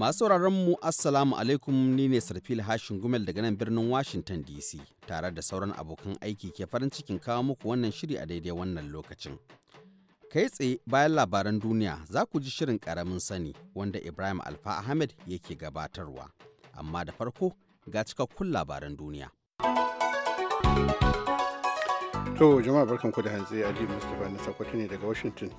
Masu mu Assalamu alaikum ni ne Sarfil Hashin Gumel daga nan birnin Washington DC tare da sauran abokan aiki ke farin cikin kawo muku wannan shiri a daidai wannan lokacin. Kai tsaye bayan labaran duniya za ku ji shirin karamin sani wanda Ibrahim Alfa Ahmed yake gabatarwa. Amma da farko ga cikakkun labaran duniya. To jama'a barkanku da hantsi Ali Mustapha na Sokoto ne daga Washington.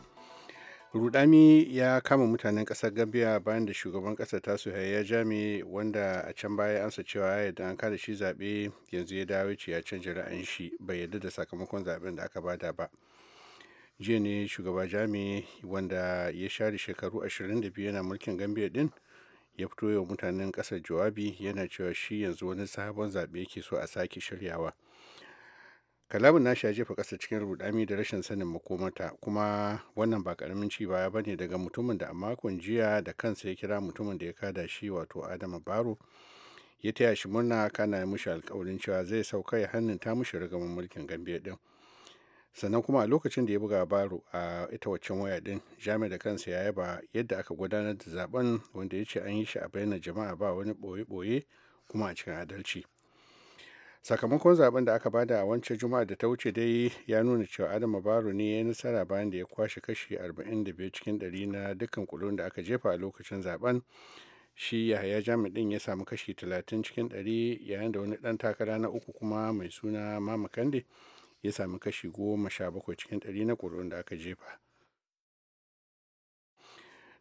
rudami ya kama mutanen kasar gambia bayan da shugaban ta su ya jami wanda a can baya ansa cewa ya da an kada shi zaɓe yanzu ya dawo ya canja ra'ayin shi bai yarda da sakamakon zaɓen da aka bada ba jiya ne shugaba jami wanda ya share shekaru 22 yana mulkin gambia din ya fito yau mutanen kasar jawabi yana cewa shi yanzu wani sabon zaɓe yake so a sake shiryawa kalamin nashi ya jefa ƙasa cikin rudami da rashin sanin makomata kuma wannan ba karamin ci baya ba ne daga mutumin da a makon jiya da kansa ya kira mutumin da ya kada shi wato adama baro ya taya shi murna kana ya mushi alkawarin cewa zai sauka ya hannun ta mushi rigaman mulkin gambe din sannan kuma a lokacin da ya buga baro a ita waccan waya din jami da kansa ya yaba yadda aka gudanar da zaben wanda ya ce an yi shi a bayyana jama'a ba wani boye-boye kuma a cikin adalci sakamakon zaben da aka bada a wancan juma'a da ta wuce dai ya nuna cewa adama baro ne ya nasara bayan da ya kwashe kashi 45 cikin 100 na dukkan kulun da aka jefa a lokacin zaben shi yahaya jami'in ya samu kashi 30 cikin 100 yayin da wani dan takara na uku kuma mai suna mama kande ya sami kashi 17 cikin 100 na kulun da aka jefa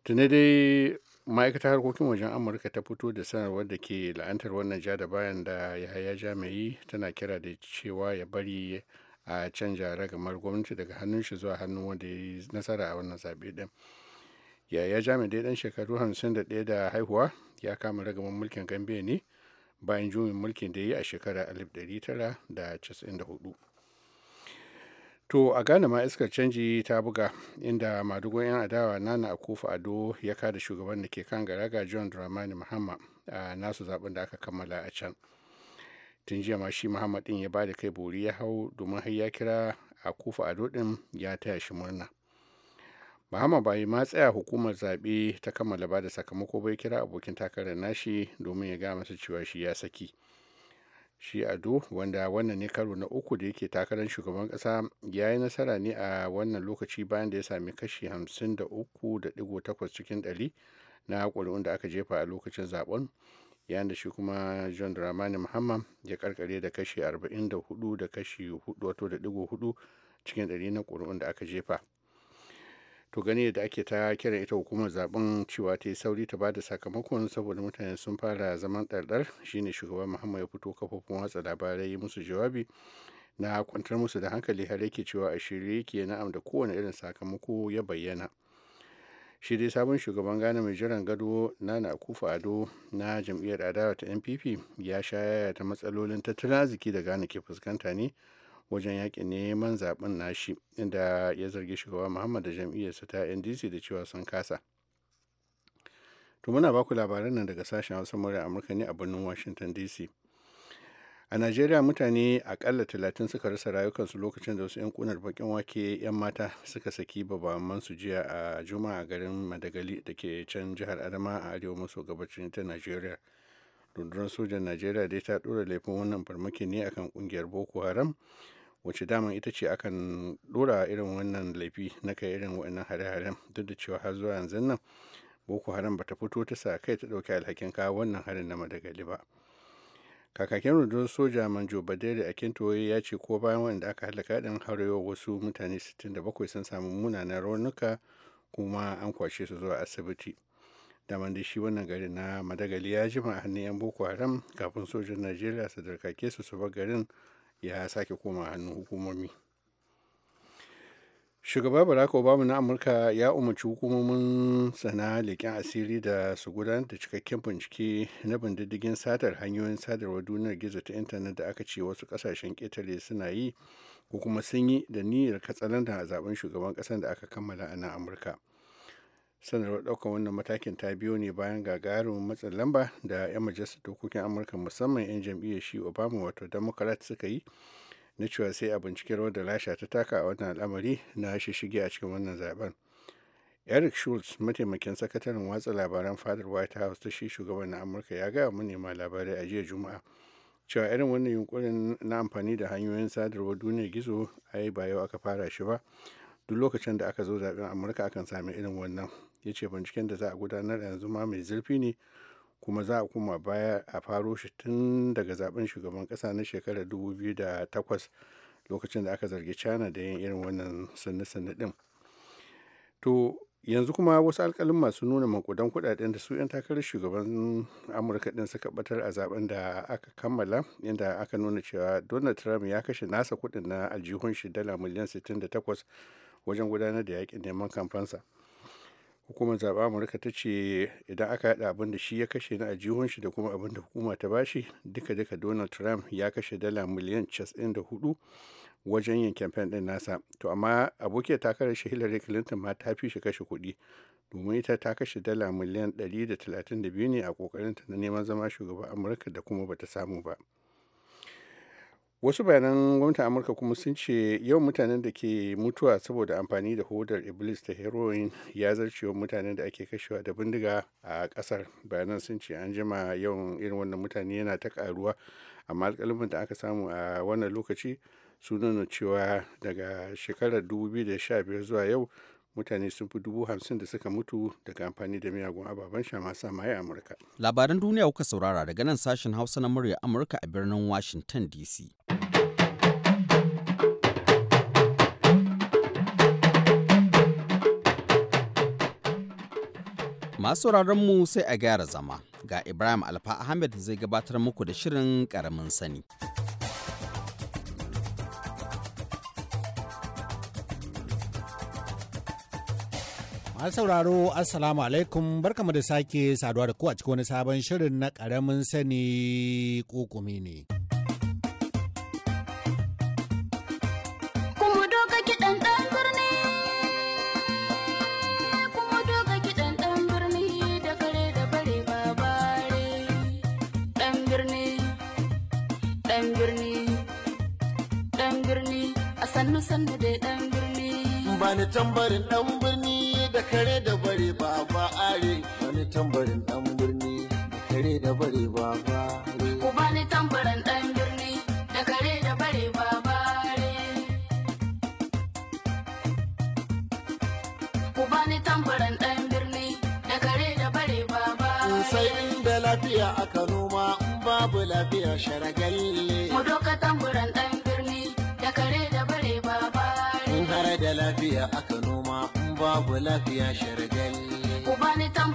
tunai dai ma'aikatar harkokin wajen amurka ta fito da sanarwar da ke la'antar wannan ja da bayan da yahaya jami'i tana kira da cewa ya bari a canja ragamar gwamnati daga hannun shi zuwa hannun wanda ya yi nasara a wannan zaɓe ɗin yahaya jami'i ɗan shekaru 51 da haihuwa ya kama ragamar mulkin gambia ne bayan juyin mulkin da ya yi a shekarar 1994 to a gane ma iskar canji ta buga inda madugun 'yan adawa nana akufa ado ya kada shugaban da ke kan garaga john dramani muhammad a nasu zaben da aka kammala a can tun jiya ma shi muhammad din ya ba da kai bori ya hau domin har ya kira a akufa ado din ya taya shi murna Muhammad bai ma tsaya hukumar zaɓe ta kammala ba da sakamako bai kira abokin takarar nashi domin ya gaya masa cewa shi ya saki. shi ado wanda wannan ne karo na uku da yake takarar shugaban kasa ya yi nasara ne a wannan lokaci bayan da ya sami kashi 53.8 cikin 100 na ƙuri'un da aka jefa a lokacin zaben yayin da shi kuma john dramani muhammad ya karkare da kashi 44 da kashi 4.4 cikin 100 na ƙuri'un da aka jefa to gani da ake ta kira ita hukumar zaben cewa ta yi sauri ta bada sakamakon saboda mutane sun fara zaman ɗarɗar shine shugaban muhammad ya fito kafofin watsa labarai musu jawabi na kwantar musu da hankali har yake cewa a shirye yake na'am da kowane irin sakamako ya bayyana shi dai sabon shugaban gane mai jiran gado nana kufa ado na jam'iyyar adawa ta npp ya sha yaya ta matsalolin tattalin arziki da gane ke fuskanta ne wajen yakin neman zaben nashi inda ya zargi shugaba muhammad da jam'iyyarsa ta ndc da cewa sun kasa to muna baku labaran nan daga sashen hausa murya amurka ne a birnin washington dc a najeriya mutane akalla talatin suka rasa rayukansu lokacin da wasu 'yan kunar bakin wake 'yan mata suka saki babamansu jiya a juma'a garin madagali da ke can jihar adama a arewa maso gabacin ta najeriya rundunar sojan najeriya dai ta dora laifin wannan farmaki ne akan kungiyar boko haram wacce daman ita ce akan dora irin wannan laifi na kai irin wannan hare-haren duk da cewa har zuwa yanzu nan boko haram bata fito ta sa kai ta ɗauki alhakin kawo wannan harin na madagali ba kakakin rundunar soja manjo badere a kintoye ya ce ko bayan wanda aka halaka din harayo wasu mutane 67 sun samu munanan raunuka kuma an kwashe su zuwa asibiti daman da shi wannan gari na madagali ya jima a hannun yan boko haram kafin sojan najeriya su darkake su su bar garin ya sake koma hannun hukumomi shugaba barack obama na amurka ya umarci hukumomin sana leƙen asiri da su gudanar da cikakken bincike na bindiddigin satar hanyoyin sadarwar duniyar gizo ta intanet da aka ce wasu kasashen ƙetare suna yi ko kuma sun yi da niyyar katsalandan a zaben shugaban ƙasar da aka kammala a nan amurka sanarwar ɗaukar wannan matakin ta biyo ne bayan gagarumin matsin lamba da 'yan majalisar dokokin amurka musamman 'yan jam'iyyar shi obama wato democrat suka yi na cewa sai a bincike rawar da lasha ta taka a wannan al'amari na shishige a cikin wannan zaben eric schultz mataimakin sakataren watsa labaran fadar white house ta shi shugaban na amurka ya gaya manema labarai a jiya juma'a cewa irin wannan yunkurin na amfani da hanyoyin sadarwar duniya gizo ai ba yau aka fara shi ba duk lokacin da aka zo zaben amurka akan sami irin wannan ya ce binciken da za a gudanar yanzu ma mai zurfi ne kuma za a kuma baya a faro shi tun daga zaben shugaban kasa na shekarar 2008 lokacin da aka zargi china da yin irin wannan sanne-sanne din to yanzu kuma wasu alkalin masu nuna makudan kudaden da su 'yan takarar shugaban amurka din suka batar a zaben da aka kammala inda aka nuna cewa donald trump ya kashe nasa kudin na aljihun shi dala miliyan 68 wajen gudanar da yakin neman kamfansa. hukumar zaɓen amurka ta ce idan aka haɗa abin da shi ya kashe na ajihun shi da kuma abin da hukuma ta bashi duka duka donald trump ya kashe dala miliyan 94 wajen yin kamfen ɗin nasa to amma abokiyar takarar shi hillary clinton ma ta fi shi kashe kuɗi domin ita ta kashe dala miliyan 132 ne a ƙoƙarinta na neman zama shugaban amurka da kuma bata samu ba. wasu bayanan gwamnatin amurka kuma sun ce yawan mutanen da ke mutuwa saboda amfani da hodar iblis da heroin ya zarce mutanen da ake kashewa da bindiga a kasar bayanan sun ce an jima yawan irin wannan mutane yana ta karuwa amma alkalmin da aka samu a wannan lokaci su nuna cewa daga shekarar 2015 zuwa yau mutane sun fi dubu hamsin da suka mutu daga amfani da miyagun ababen sha masu maye amurka labaran duniya kuka saurara daga nan sashen hausa na murya amurka a birnin washington dc masu mu sai a gyara zama ga ibrahim alfa ahmed zai gabatar muku da shirin karamin sani Masu sauraro Assalamu alaikum barkamu da sake saduwa da ku a cikin wani sabon shirin na ƙaramin sani kokumi ne. Sannu sannu da ɗan birni. Ba ni tambarin ɗan I'm to the babu lafiya shargal. Ku bani ɗan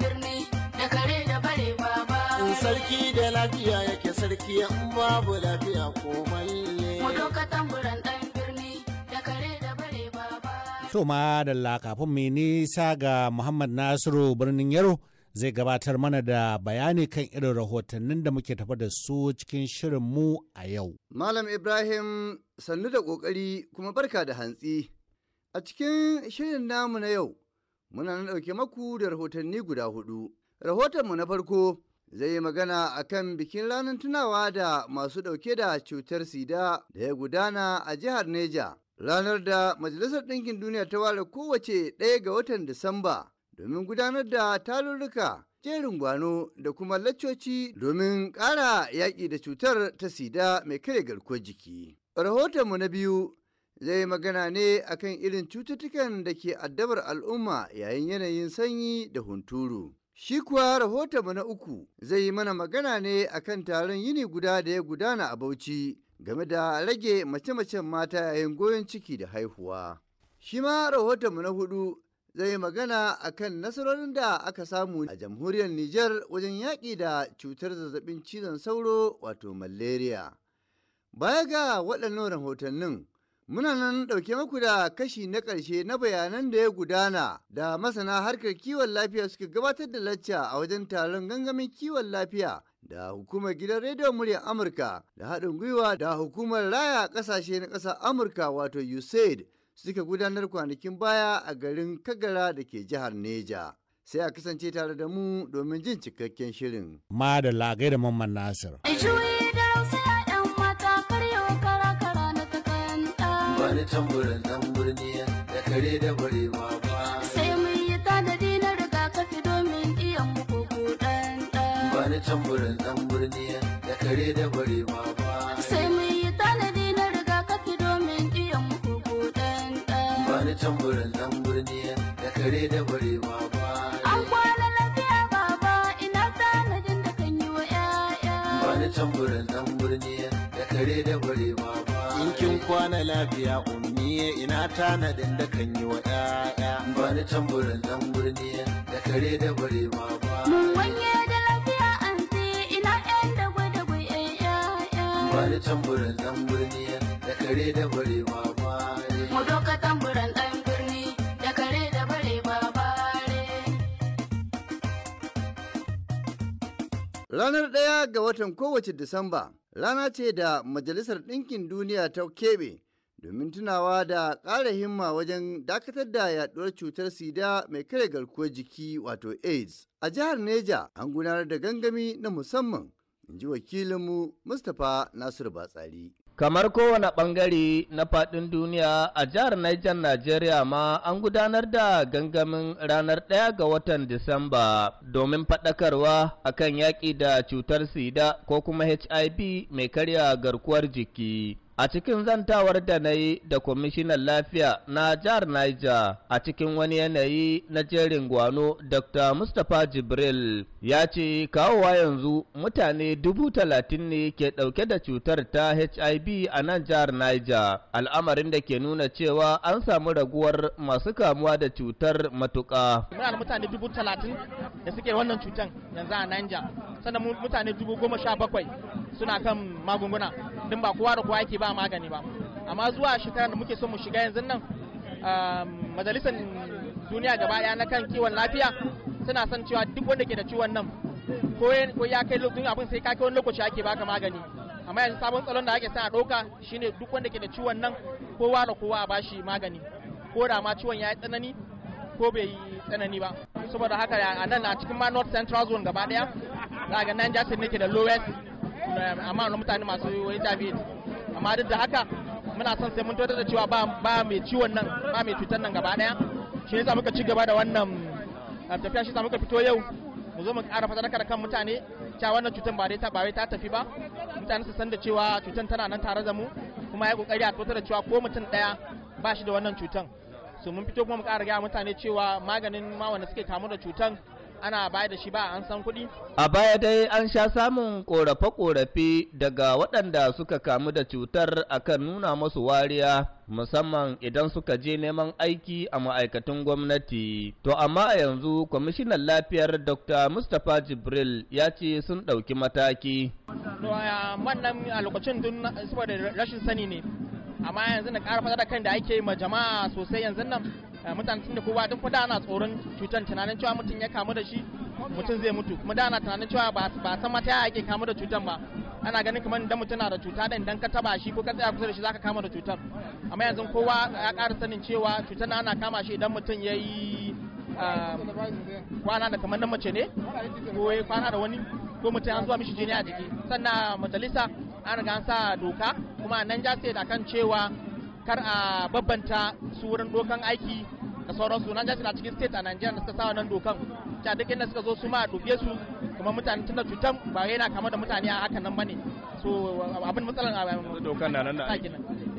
birni da kare da bare baba. In sarki da lafiya yake sarki in babu lafiya komai. Mu doka tamburan ɗan birni da kare da bare baba. To ma da kafin mai nisa ga Muhammad Nasiru birnin Yaro. zai gabatar mana da bayani kan irin rahotannin da muke tafa da su cikin shirinmu a yau. Malam Ibrahim sannu da ƙoƙari kuma barka da hantsi. A cikin shirin namu na yau, muna nan ɗauke maku da rahotanni guda hudu. Rahotonmu na farko zai yi magana a kan bikin ranar tunawa da masu ɗauke da cutar sida da ya gudana a jihar Neja. Ranar da Majalisar Ɗinkin Duniya ta ware kowace ɗaya ga watan Disamba domin gudanar da talurruka jerin gwano da kuma laccoci domin ƙara yaƙi da cutar ta sida mai kare garkuwar jiki. Rahotonmu na biyu zai magana ne akan irin cututtukan da ke addabar al'umma yayin yanayin sanyi da hunturu. Shi kuwa rahoton na uku zai yi mana magana ne akan taron yini guda da ya gudana a Bauchi game da rage mace-macen mata yayin goyon ciki da haihuwa. Shi ma rahoton na hudu zai yi magana akan nasarorin da aka samu a jamhuriyar Nijar wajen yaƙi da cutar zazzabin cizon sauro wato malaria. Baya ga waɗannan rahotannin Muna nan ɗauke muku da kashi na ƙarshe na bayanan da ya gudana da masana harkar kiwon lafiya suka gabatar da lacca a wajen taron gangamin kiwon lafiya da hukumar gidan rediyon muryar Amurka da haɗin gwiwa da hukumar raya ƙasashe na ƙasa Amurka wato USAID suka gudanar kwanakin baya a garin Kagara da ke jihar Neja. Sai a kasance tare da mu domin jin cikakken shirin. Ma da lagai da Mamman Nasir. wani tamburin nan birni da kare da ma ba sai mun yi tanadi na rigakafi domin iyan mu koko ɗan dan wani tamburin nan birni da kare da ma ba sai mun yi tanadi na rigakafi domin iyan mu koko ɗan dan wani tamburin nan birni da kare da ma ba an kwana lafiya baba ina tanadin da kan yi wa 'ya'ya wani tamburin dan birni da kare da ma ba kwana lafiya ummi ina tanadin da kan yi wa Ba ni tamburin dan birni da kare da bare ma ba mun wanye da lafiya an ina ƴan da gwada gwai ƴaƴa ni tamburin dan birni da kare da bare ma ba mu doka tamburin dan birni da kare da bare ma ba Ranar ɗaya ga watan kowace Disamba Rana ce da Majalisar Ɗinkin Duniya ta keɓe domin tunawa da ƙara himma wajen dakatar da yaɗuwar cutar sida mai kare garkuwar jiki wato AIDS. A jihar Neja an gudanar da gangami na musamman, in ji wakilinmu Mustapha nasiru Batsari. Kamar kowane ɓangare na faɗin duniya a jihar Niger Najeriya ma an gudanar da gangamin ranar ɗaya ga watan Disamba domin faɗakarwa akan yaƙi da cutar sida ko kuma HIV mai karya garkuwar jiki. a cikin zantawar da na yi da kwamishinan lafiya na jihar Niger a cikin wani yanayi na jerin gwano Dr. Mustapha Jibril ya ce kawowa yanzu mutane dubu talatin ne ke dauke da cutar ta HIV a nan jihar Niger al'amarin da ke nuna cewa an samu raguwar masu kamuwa da cutar matuƙa. Muna da mutane dubu talatin da suke wannan cutar yanzu a Niger sannan mutane dubu goma sha bakwai suna kan magunguna din ba kowa da kowa yake ba magani ba amma zuwa shekara da muke so mu shiga yanzu nan ah, majalisar duniya gaba ɗaya na kan kiwon lafiya suna son cewa duk wanda ke da ciwon nan ko ya kai lokacin abin sai ka kai wani lokaci ake baka magani amma yanzu sabon tsalon da ake sa a ɗauka shine duk wanda ke da ciwon nan kowa da kowa a bashi magani ko da ma ciwon ya yi tsanani ko bai yi tsanani ba saboda haka a nan a cikin ma north central zone gaba ɗaya za ga nan jasir nake da lowest amma wani mutane masu wani david amma duk da haka muna son sai mun tautar da cewa ba mai ciwon nan ba mai cutar nan gaba daya shi yasa muka ci gaba da wannan ah, tafiya shi yasa muka fito yau mu zo mu ƙara fadarkar kan mutane cewa wannan cutar ba dai ta tafi ba mutane su san da cewa cutar tana nan tare da mu kuma ya kokari a tautar da cewa ko mutum daya ba shi da wannan cutar so mun fito kuma mu ƙara gaya mutane cewa maganin ma wanda suke kamu da cutar ana da shi ba an san kuɗi? A baya dai an sha samun ƙorafe-ƙorafe daga waɗanda suka kamu da cutar akan nuna masu wariya musamman idan suka je neman aiki a ma'aikatan gwamnati. To amma a yanzu kwamishinan lafiyar Dr. Mustapha Jibril ya ce sun ɗauki mataki. To a lokacin rashin sani ne. amma yanzu na ƙara da kan da ake ma jama'a sosai yanzu nan eh, mutane tun da kowa tun fada ana tsoron cutar tunanin cewa mutum ya kamu da shi mutum zai mutu kuma da ana tunanin cewa ba san mata ya ake kamu da cutar ba ana ganin kamar idan mutum na da cuta da idan ka taba shi ko ka tsaya kusa da shi zaka kama da cutar amma yanzu kowa ya ƙara sanin cewa cutar na ana kama shi idan mutum ya yi eh, kwana da kamar na mace ne ko kwana da wani ko mutum an zuwa mishi jini a jiki sannan majalisa an riga an sa doka kuma nan ja da kan cewa kar a babbanta su wurin dokan aiki da sauransu nan ja state cikin state a Najeriya da suka sa wannan dokan cewa duk inda suka zo su ma a dubiye su kuma mutane tunda cutan ba yana kama da mutane a hakan nan bane so abin matsalar ah, dokan na nan na aiki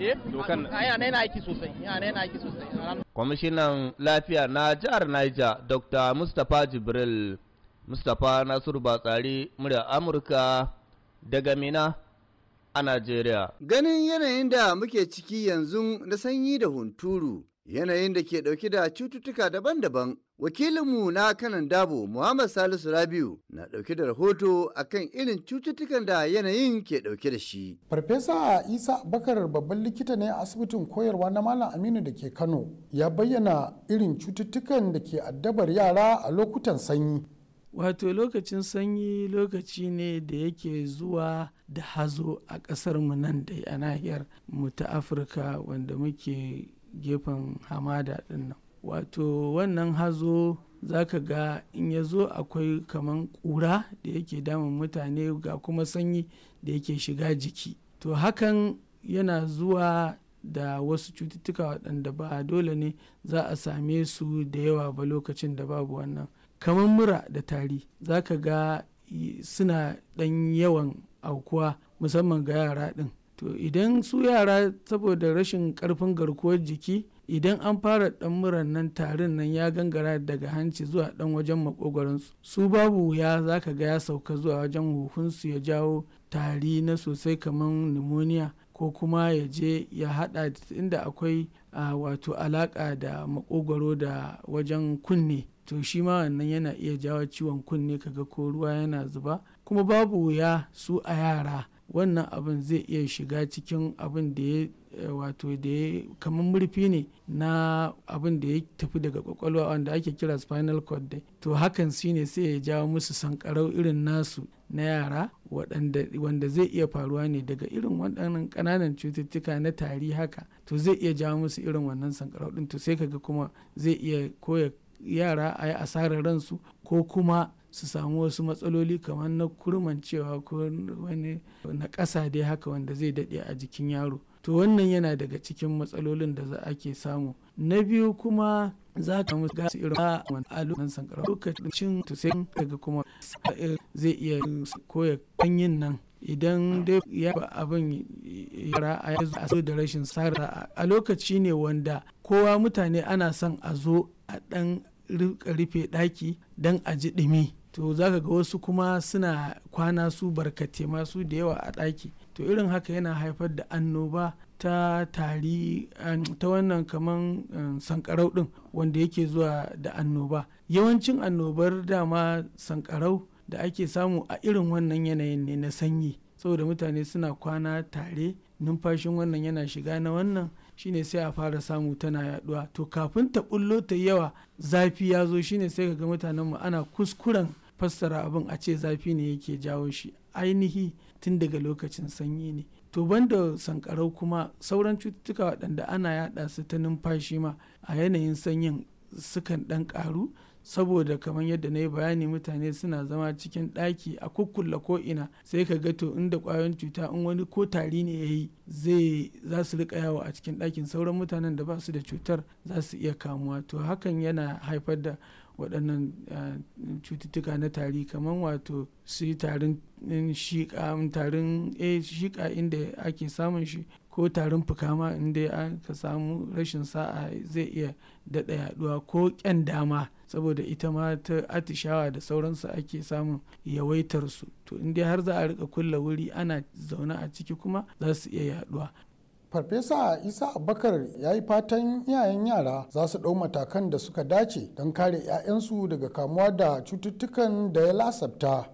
eh dokan ah, yana yana aiki sosai yana yana aiki sosai kwamishinan lafiya na jihar Niger Dr. Mustapha Jibril Mustapha Nasiru Batsari murya Amurka daga Mina a Najeriya. Ganin yanayin da muke ciki yanzu na sanyi da hunturu, yanayin da ke ɗauke da cututtuka daban-daban. Wakilinmu na kanan dabo Muhammad Salisu Rabiu na ɗauke da rahoto akan irin cututtukan da yanayin ke ɗauke da shi. Farfesa Isa Bakar babban likita ne a asibitin koyarwa na Malam Aminu da ke Kano ya bayyana irin cututtukan da ke addabar yara a lokutan sanyi wato lokacin sanyi lokaci ne da yake zuwa da hazo a ƙasar mu nan da a nahiyar mu ta afirka wanda muke gefen hamada dinnan wato wannan hazo za ka ga in ya zo akwai kaman ƙura da yake damun mutane ga kuma sanyi da yake shiga jiki to hakan yana zuwa da wasu cututtuka waɗanda ba dole ne za a same su da yawa ba lokacin da babu wannan kamar mura da tari za ka ga suna ɗan yawan aukuwa musamman ga yara ɗin to idan su yara saboda rashin ƙarfin garkuwar jiki idan an fara ɗan muran nan tarin nan ya gangara daga hanci zuwa ɗan wajen makogoransu su babu wuya za ka ga ya sauka zuwa wajen huhunsu ya jawo tari na sosai kamar pneumonia ko kuma ya je ya haɗa inda akwai wato alaƙa da maƙogwaro da wajen kunne to shi ma wannan yana iya jawo ciwon kunne kaga ko ruwa yana zuba kuma babu wuya su a yara wannan abin zai iya shiga cikin abin da ya eh, wato da ya kamar murfi ne na abin da ya tafi daga kwakwalwa wanda ake kira spinal cord dai to hakan shine sai ya jawo musu sankarau irin nasu na yara wanda zai iya faruwa ne daga irin waɗannan ƙananan cututtuka na tari haka to zai iya jawo musu irin wannan sankarau ɗin to sai kaga kuma zai iya koya yara a yi asarar ransu ko kuma su samu wasu matsaloli kamar na kurmancewa ko wani na ƙasa dai haka wanda zai daɗe a jikin yaro to wannan yana daga cikin matsalolin da za ke samu na biyu kuma za ka musu gasu irin a lokacin sankara lokacin tusayin daga kuma zai iya koya yin nan idan dai ya abin yara a zo da rashin sara a lokaci ne wanda kowa mutane ana son a zo a ɗan rika rufe ɗaki don a ji ɗumi to zaka ga wasu kuma suna kwana su barkate masu da yawa a ɗaki to irin haka yana haifar da annoba ta tari ta wannan kaman um, sankarau ɗin wanda yake zuwa da annoba yawancin annobar dama sankarau da ake samu a irin wannan yanayin ne na sanyi saboda mutane suna kwana tare numfashin wannan yana shiga na wannan shine sai a fara samu tana yaduwa to kafin ta bullo ta yawa zafi ya zo shine sai ga mutanenmu ana kuskuren fassara abin a ce zafi ne yake jawo shi ainihi tun daga lokacin sanyi ne to banda sankarau kuma sauran cututtuka waɗanda ana yada su ta numfashi ma a yanayin sanyin sukan ɗan ƙaru saboda kamar yadda na yi bayani mutane suna zama cikin ɗaki a kukkulla ko'ina sai ka ga to inda ƙwayoyin cuta in wani ko tari ne ya yi zai za su riƙa yawo a cikin ɗakin sauran mutanen da ba su da cutar za su iya kamuwa to hakan yana haifar da waɗannan eh, cututtuka na tari kamar wato su yi tarin shiƙa tarin eh, shiƙa inda ake samun shi ko tarin fukama inda aka samu rashin sa'a zai iya daɗa yaɗuwa ko ƙyan dama saboda ita ma ta atishawa da sauransu ake samun yawaitar su to in dai har za a rika kulla wuri ana zaune a ciki kuma za su iya yaduwa farfesa isa abubakar ya yi fatan iyayen yara za su ɗau matakan da suka dace don kare 'ya'yansu daga kamuwa da cututtukan da ya lasabta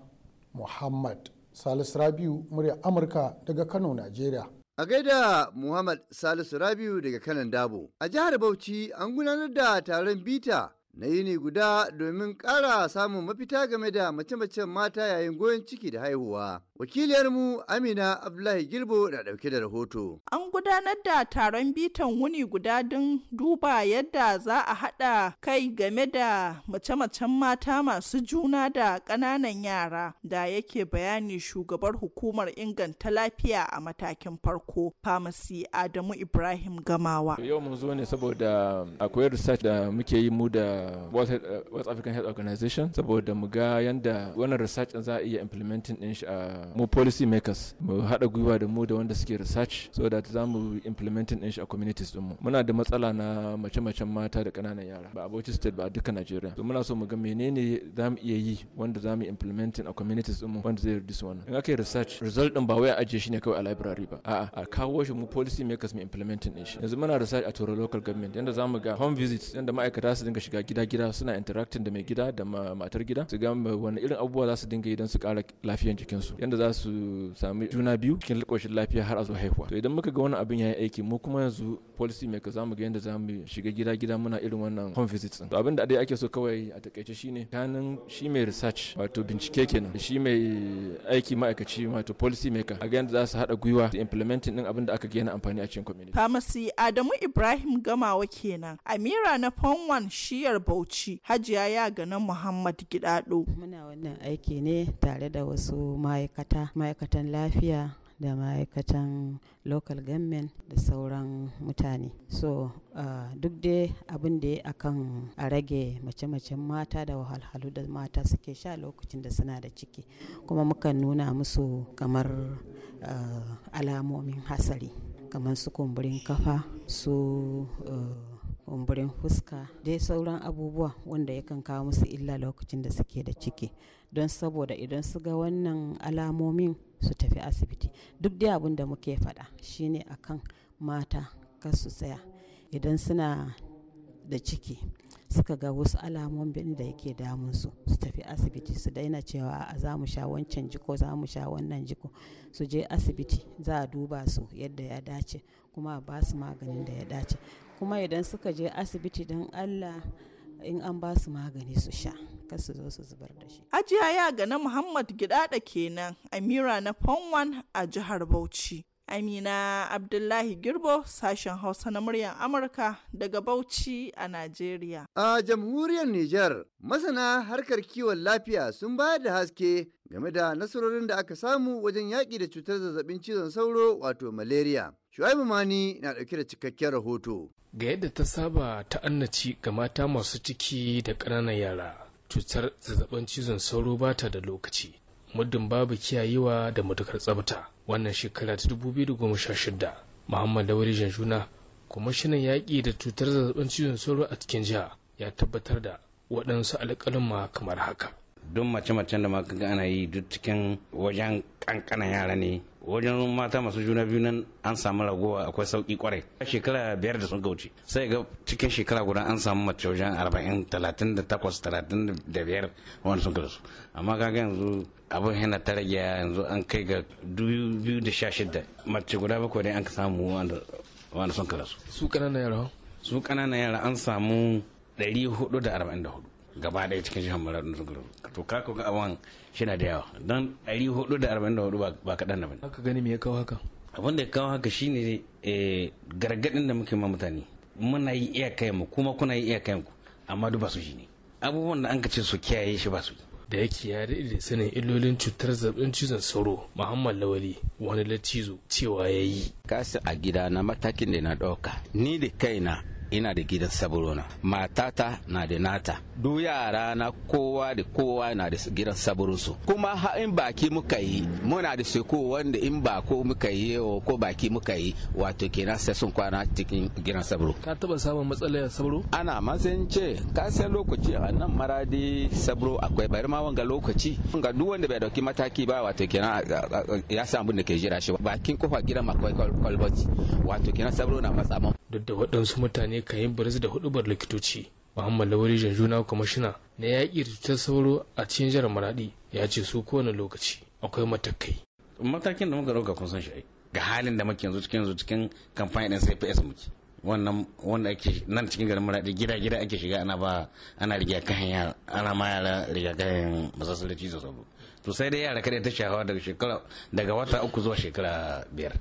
muhammad salisu rabiu murya amurka daga kano nigeria. A gaida Muhammad Salisu Rabiu daga kanan Dabo. A jihar Bauchi an gudanar da taron bita na yini guda domin kara samun mafita game da mace-macen mata yayin goyon ciki da haihuwa. Wakiliyarmu Amina Abdullahi Girbo na ɗauke da rahoto. An gudanar da taron bitan wuni guda don duba yadda za a haɗa kai game da mace-macen mata masu juna da ƙananan yara da yake bayani shugabar hukumar inganta lafiya a matakin farko famasi Adamu Ibrahim Gamawa. Yau mun zo ne saboda akwai research da muke yi mu da World African Health Organization saboda mu ga yanda wannan research za a iya implementing ɗin shi a mu policy makers mu haɗa gwiwa da mu da wanda suke research so that za mu implementing din shi a communities din mu muna da matsala na mace-macen mata da ƙananan yara ba a Bauchi state ba a duka Nigeria to muna so mu ga menene za mu iya yi wanda za mu implementing a communities din mu wanda zai reduce wannan in aka yi research result din ba wai a ajiye shi ne kawai a library ba a'a a kawo shi mu policy makers mu implementing din shi yanzu muna research a turo local government yanda za mu ga home visits yanda ma'aikata su dinga shiga gida-gida suna interacting da mai gida da matar gida su ga wani irin abubuwa za su dinga yi don su ƙara lafiyan jikinsu yanda za su sami juna biyu cikin ƙoshin lafiya har a zuwa haihuwa to idan muka ga wannan abin ya aiki mu kuma yanzu policy maker za mu ga yadda za shiga gida gida muna irin wannan home visits to abin da dai ake so kawai a takaice shine kanin shi mai research wato bincike kenan shi mai aiki ma'aikaci wato policy maker a ga yadda za su haɗa gwiwa da implementing din abin da aka ga yana amfani a cikin community pharmacy Adamu Ibrahim Gamawa kenan Amira na Ponwan shiyar Bauchi Hajiya ya nan Muhammad Gidado muna wannan aiki ne tare da wasu ma'aikata ma'aikata ma'aikatan lafiya da ma'aikatan local government da sauran mutane so uh, duk dai abin da ya akan a rage mace-macen mata da wahalhalu da mata suke sha lokacin da suna da ciki kuma mukan nuna musu kamar uh, alamomin hasari kamar su kumburin kafa su uh, kumburin fuska dai sauran abubuwa wanda yakan kawo musu illa lokacin da suke da ciki don saboda idan su ga wannan alamomin su tafi asibiti duk dai abin da muke faɗa shine akan mata kar su tsaya idan suna da ciki suka ga wasu alamomin da yake damun su su tafi asibiti su daina cewa a za mu sha wancan jiko za mu sha wannan jiko su je asibiti za a duba su yadda ya dace kuma a ba su maganin da ya dace kuma idan suka je asibiti don allah in an ba su magani su sha kar su zo su zubar da shi. Ajiya ya gana Muhammad Gidada kenan Amira na Ponwan a jihar Bauchi. Amina Abdullahi Girbo sashen Hausa na muryar Amurka daga Bauchi a Najeriya. A jamhuriyar Nijar, masana harkar kiwon lafiya sun bayar da haske game da nasarorin da aka samu wajen yaƙi da cutar zazzabin cizon sauro wato malaria. Shu'aibu Mani na ɗauke da cikakken rahoto. Ga yadda ta saba ta annaci ga mata masu ciki da ƙananan yara, cutar zazzabin cizon sauro ba ta da lokaci, muddin babu kiyayewa da matukar tsabta. wannan shekara ta 2016 muhammad dawari janjuna kwamishinan yaƙi da cutar zazzabin cizon sauro a cikin jiha ya tabbatar da waɗansu alƙalin kamar haka duk mace-macen da maka ana yi duk cikin wajen kankanan yara ne wajen mata masu juna biyu nan an samu ragowa akwai sauki kwarai shekara biyar da sun gauci sai ga cikin shekara guda an samu mace wajen arba'in talatin da takwas talatin da biyar wani sun karsu amma kaga yanzu abin yana ta rage yanzu an kai ga 2016 mace guda bakwai dai an ka samu wanda sun karasu su kananan yara su kananan yara an samu 444 gaba daya cikin jihar mara da zunguru to ka ga abin shi na da yawa don 444 ba kaɗan da bane haka gani me ya kawo haka abin da ya kawo haka shine eh, gargaɗin da muke ma mutane muna yi iya kayan kuma kuna yi iya kayanku amma duk ba su shi ne abubuwan da an ka ce su kiyaye shi ba su yi da yake ya da sanin illolin cutar zazzabin cizon sauro muhammad lawali wani latizo cewa ya yi kasu a gida na matakin da na ɗauka ni da kaina ina da gidan saburona matata na da nata Du yara na kowa da kowa na da gidan saburinsu kuma ha in baki muka yi muna da seko wanda in ba ko muka yi ko baki muka yi wato kenan sai sun kwana cikin gidan saburo ka taba samun matsalar saburo ana matsayin ce ka san lokaci a nan maradi saburo akwai bari ma wanga lokaci ga duk wanda bai dauki mataki ba wato kenan ya samu da ke jira shi bakin kofa gidan akwai kwalbati wato kenan saburo na matsaman duk da waɗansu mutane kan yi biris da hudubar likitoci muhammad lawari janjuna kwamishina na yaƙi da cutar sauro a cikin jihar maradi ya ce su kowane lokaci akwai matakai matakin da muka ɗauka kun san shi ga halin da muke yanzu cikin yanzu cikin kamfani ɗin cps muke wannan wanda ake nan cikin garin maradi gida gida ake shiga ana ba ana rigakafin yara ana ma yara rigakafin masasar cizon sauro to sai dai yara kada ta shahawa daga shekara daga wata uku zuwa shekara biyar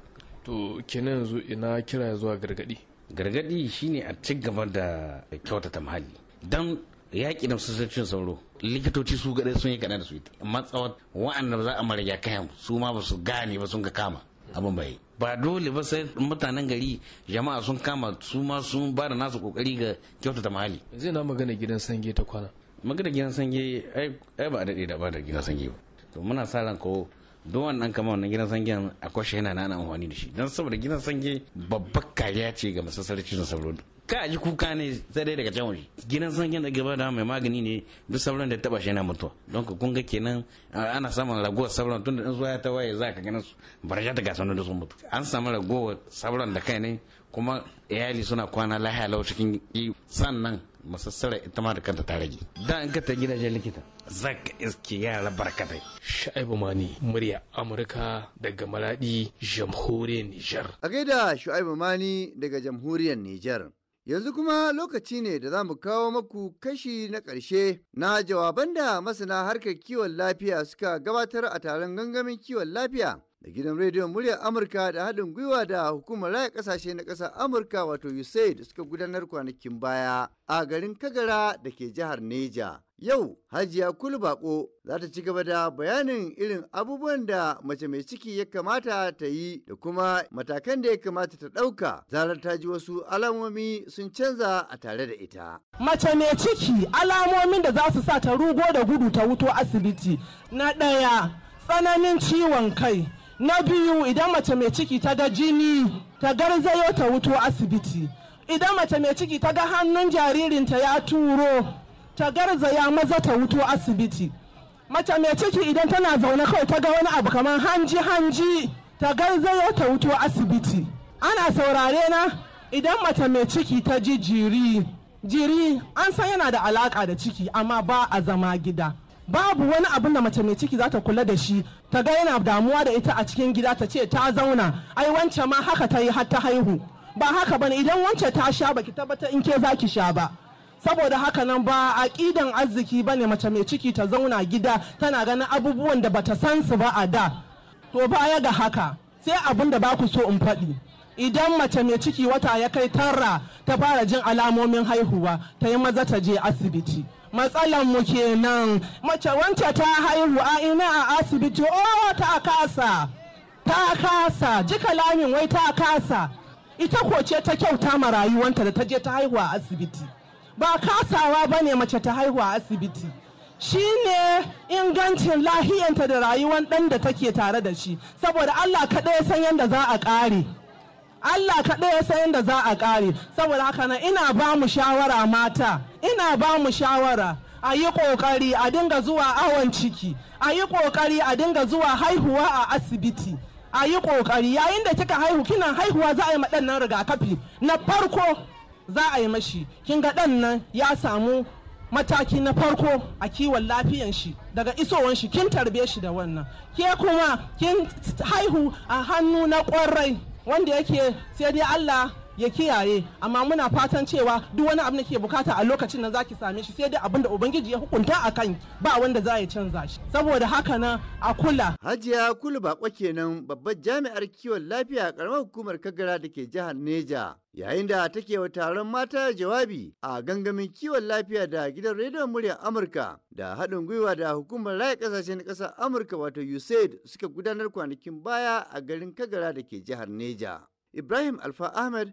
to kenan yanzu ina kira zuwa gargadi gargadi shine a ci gaba da kyautata muhalli don yaƙi da sosai sauro likitoci su gaɗe sun yi kaɗan da su ita matsawar wa'anda za a ya kayan su ma ba su gane ba sun ga kama abin bai ba dole ba sai mutanen gari jama'a sun kama su ma sun ba da nasu kokari ga kyautata muhalli zai na magana gidan sange ta kwana magana gidan sange ai ba a daɗe da ba da gidan sange ba to muna sa ran ko don wannan kama wannan gidan sangen akwai shi yana nan amfani da shi don saboda gidan sange babbar kariya ce ga sarki na sauro ka ji kuka ne sai dai daga can waje gidan sanyin da gaba da mai magani ne duk sauran da taba shi yana mutuwa don ka kun ga kenan ana samun ragowar sauran tun in zuwa ya ta waye za ka ganin su barja ta gasa da sun mutu an samu ragowar sauran da kai ne kuma iyali suna kwana lahiya lau cikin sannan masassara ita ma da kanta ta rage da in ka ta gidajen likita za ka iske yara barkatai shu'aibu mani murya amurka daga Maladi. jamhuriyar nijar a gaida shu'aibu mani daga jamhuriyar nijar Yanzu kuma lokaci ne da za mu kawo maku kashi na ƙarshe na jawaban da masana harkar kiwon lafiya suka gabatar a taron gangamin kiwon lafiya da gidan rediyon muryar Amurka da haɗin gwiwa da hukumar raya ƙasashe na ƙasar Amurka wato USAID suka gudanar kwanakin baya a garin Kagara da ke jihar Neja. Yau Hajiya Kulbaƙo za ta ci gaba da bayanin irin abubuwan da mace mai ciki ya kamata ta yi da kuma matakan da ya kamata ta ɗauka zarar ta ji wasu alamomi sun canza a tare da ita. Mace mai ciki alamomin da za su sa ta rugo da gudu ta wuto asibiti na ɗaya tsananin ciwon kai na biyu idan mace mai ciki ta ga jini ta garzayo ta wuto asibiti idan mace mai ciki ta ga hannun jaririnta ya turo ta garzaya maza ta wuto asibiti mace mai ciki idan tana zaune kawai ta ga wani abu kamar hanji hanji ta garzaya ta wuto asibiti ana saurare na idan mace mai ciki ta ji jiri jiri an san yana da alaka da ciki amma ba a zama gida babu wani abin da mace mai ciki za ta kula da shi ta ga yana damuwa da ita a cikin gida ta ce ta zauna ai wance ma haka ta yi har ta haihu ba haka bane idan wance ta sha baki tabbata in ke za ki sha ba saboda haka nan ba a ƙidan arziki ba ne mace mai ciki ta zauna gida tana ganin abubuwan da bata san su ba a da to baya ga haka sai abin da ba ku so in faɗi idan mace mai ciki wata ya kai tara ta fara jin alamomin haihuwa ta yi maza ta je asibiti matsalan mu kenan mace wance ta haihu a ina a asibiti o oh, ta kasa ta kasa jika lamin wai ta kasa ita ko ce ta kyauta ma rayuwanta da ta je ta haihu a asibiti ba kasawa ba ne mace ta haihu a asibiti Shi ne ingancin lahiyanta da rayuwar ɗan da take tare da shi saboda allah kaɗai ya san yadda za a ƙare allah kaɗai ya san yadda za a ƙare saboda haka na, ina ba mu shawara mata ina ba mu shawara a yi ƙoƙari a dinga zuwa awon ciki a yi ƙoƙari a dinga zuwa haihuwa a asibiti a yi ƙoƙari yayin da kika haihu kina haihuwa za a yi maɗannan rigakafi na farko za a yi mashi kin ga ɗan nan ya samu mataki na farko a kiwon lafiyan shi daga isowan shi kin tarbe shi da wannan ke kuma kin haihu a hannu na ƙwarai wanda yake sai dai Allah ya kiyaye amma muna fatan cewa duk wani abu da ke bukata a lokacin nan zaki same shi sai dai abin da ubangiji ya hukunta a kan ba wanda za ya canza shi saboda haka nan a kula hajiya kulu bako kenan babbar jami'ar kiwon lafiya a karamar hukumar kagara da ke jihar neja yayin da take wa taron mata jawabi a gangamin kiwon lafiya da gidan rediyon muryar amurka da haɗin gwiwa da hukumar raya ƙasashen ƙasar amurka wato usaid suka gudanar kwanakin baya a garin kagara da ke jihar neja ibrahim alfa ahmed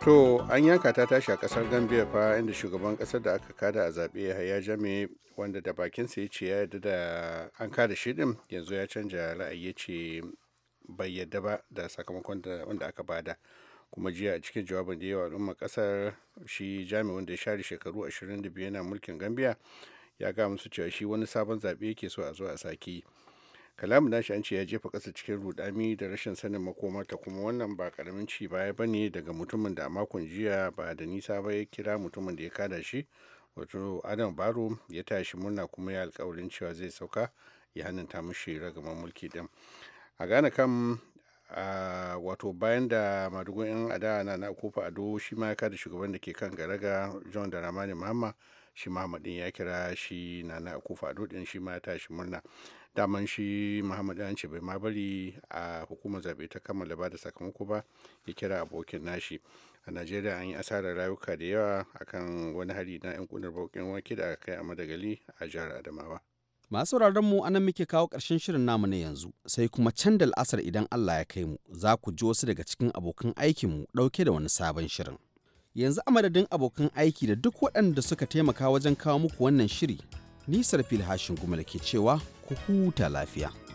to an yanka ta tashi a kasar gambia fa inda shugaban kasar da aka kada a zaɓe ya jame wanda da bakinsa ya ce ya yarda da an kada shi din yanzu ya canja ra'ayi ya ce bai yarda ba da sakamakon wanda aka bada kuma jiya a cikin jawabin da yawa al'umma kasar shi jami wanda ya share shekaru 22 yana mulkin gambia ya ga musu cewa shi wani sabon zaɓe yake so a zo a saki kalamu nashi an ce ya jefa ƙasa cikin rudami da rashin sanin makoma ta kuma wannan ba karamin ci baya ba ne daga mutumin da a makon jiya ba da nisa ba ya kira mutumin da ya kada shi wato adam baro ya tashi murna kuma ya alkawarin cewa zai sauka ya hannunta mushi ragaman mulki din a gane kam wato bayan da madugun yan adawa na na kofa ado shi ma ya kada shugaban da ke kan garaga john da ramani mahama shi mahama ya kira shi na na kofa ado din shi ma ya tashi murna daman shi muhammad yanci bai ma bari a hukumar zaɓe ta kammala ba da sakamako ba ya kira abokin nashi a najeriya an yi asarar rayuka da yawa akan wani hari na 'yan kunar baukin wanki da aka kai a madagali a jihar adamawa Masu mu anan muke kawo ƙarshen shirin namu na yanzu, sai kuma can da al'asar idan Allah ya kai mu, za ku ji wasu daga cikin abokan aikin mu ɗauke da wani sabon shirin. Yanzu a madadin abokan aiki da duk waɗanda suka taimaka wajen kawo muku wannan shiri, nisar filhashin kuma da ke cewa ku huta lafiya.